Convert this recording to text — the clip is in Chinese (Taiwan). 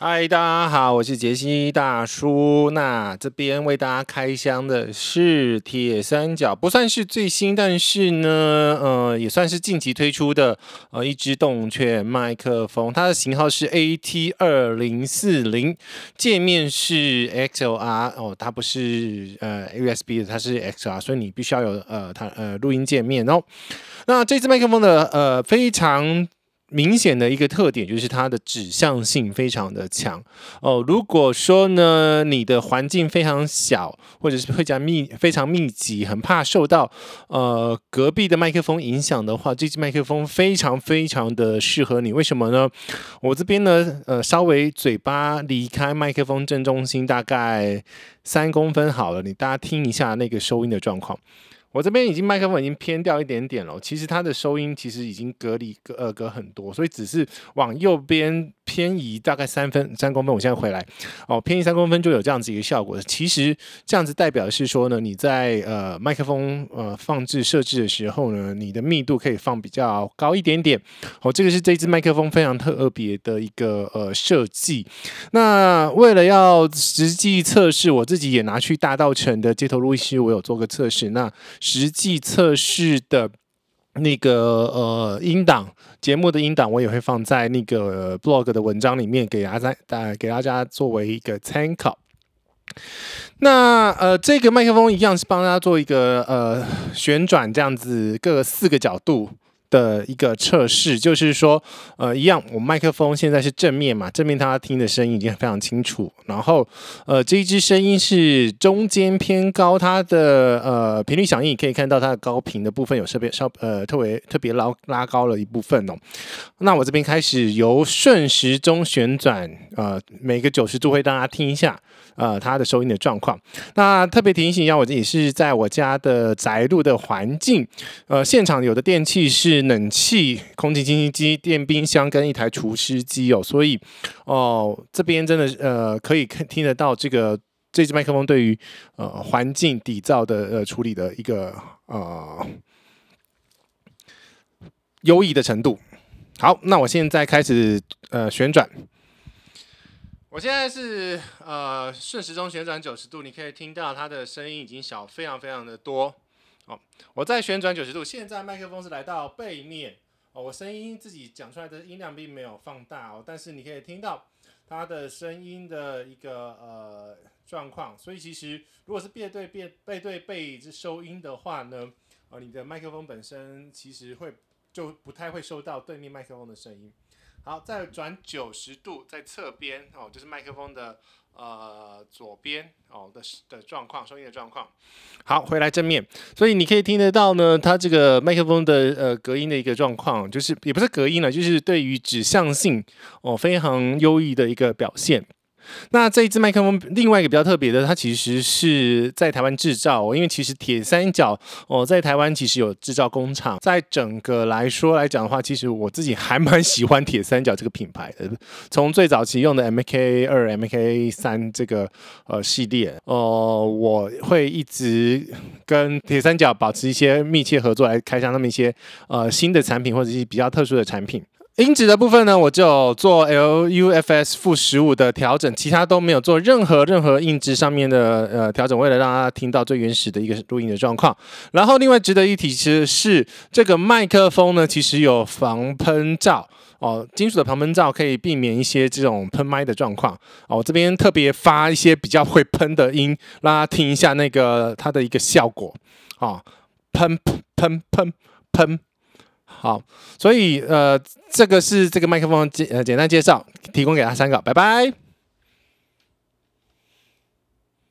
嗨，大家好，我是傑西大叔。那這邊為大家開箱的是鐵三角，不算是最新，但是呢，呃，也算是近期推出的呃一支動圈麥克風。它的型號是 AT 2040，界面是 XLR 哦，它不是呃 USB 的，它是 XLR，所以你必須要有呃它呃錄音界面哦。那這支麥克風的呃非常。明顯的一個特點就是它的指向性非常的強哦、呃。如果說呢，你的環境非常小，或者是會加密非常密集，很怕受到呃隔壁的麥克風影響的話，這支麥克風非常非常的適合你。為什麼呢？我這邊呢呃稍微嘴巴離開麥克風正中心大概三公分好了，你大家聽一下那個收音的狀況。我這邊已經麥克風已經偏掉一點點了，其實它的收音其實已經隔離隔呃隔很多，所以只是往右邊偏移大概三分三公分。我現在回來哦，偏移三公分就有這樣子一個效果。其實這樣子代表是說呢，你在呃麥克風呃放置設置的時候呢，你的密度可以放比較高一點點。哦，這個是這支麥克風非常特別的一個呃設計。那為了要實際測試，我自己也拿去大道城的街頭錄音室，我有做個測試。那實際測試的那個呃音檔節目的音檔，我也會放在那個、呃、blog 的文章裡面，給阿參大家給大家作為一個參考。那呃，這個麥克風一樣是幫大家做一個呃旋轉，這樣子各四個角度。的一個測試，就是說，呃，一樣，我麥克風現在是正面嘛，正面大家聽的聲音已經非常清楚。然後，呃，這一支聲音是中間偏高，它的呃頻率響應可以看到它的高頻的部分有特別稍呃特別特別拉拉高了一部分哦。那我這邊開始由順時鐘旋轉，呃，每個九十度會讓大家聽一下，呃，它的收音的狀況。那特別提醒一下，我也是在我家的宅錄的環境，呃，現場有的電器是。冷氣、空氣清新機、電冰箱跟一台除濕機哦，所以哦這邊真的呃可以看，聽得到這個這支麥克風對於呃環境底噪的呃處理的一個呃優異的程度。好，那我現在開始呃旋轉，我現在是呃順時鐘旋轉九十度，你可以聽到它的聲音已經小非常非常的多。哦，我再旋轉九十度，現在麥克風是來到背面哦。我聲音自己講出來的音量並沒有放大哦，但是你可以聽到它的聲音的一個呃狀況。所以其實如果是背對背背對背收音的話呢，啊、哦，你的麥克風本身其實會。就不太會收到對面麥克風的聲音。好，再轉九十度，在側邊哦，就是麥克風的呃左邊哦的的狀況，聲音的狀況。好，回來正面，所以你可以聽得到呢，它這個麥克風的呃隔音的一個狀況，就是也不是隔音了，就是對於指向性哦非常優異的一個表現。那這一支麥克風，另外一個比較特別的，它其實是在台灣製造。因為其實鐵三角哦、呃，在台灣其實有製造工廠。在整個來說來講的話，其實我自己還蠻喜歡鐵三角這個品牌的。從最早期用的 MK 二、MK 三這個呃系列，呃，我會一直跟鐵三角保持一些密切合作，來開箱他們一些呃新的產品，或者是比較特殊的產品。音質的部分呢，我就有做 L U F S 負十五的調整，其他都沒有做任何任何音質上面的呃調整，為了讓大家聽到最原始的一個錄音的狀況。然後另外值得一提的是這個麥克風呢，其實有防噴罩哦，金屬的防噴罩可以避免一些這種噴麥的狀況哦。我這邊特別發一些比較會噴的音，讓大家聽一下那個它的一個效果啊，噴噴噴噴。好，所以呃，這個是這個麥克風簡呃簡單介紹，提供給大家參考，拜拜。